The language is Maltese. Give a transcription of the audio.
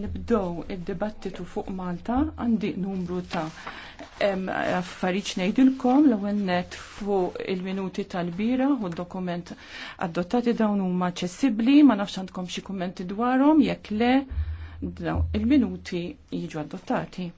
nibdow id-dibattitu fuq Malta għandi numru ta' affarijiet ngħidilkom l-ewwel net fuq il-minuti tal-bira u d-dokument adottati dawn huma aċċessibbli, ma nafx għandkom xi kummenti dwarhom jekk le il-minuti jiġu adottati.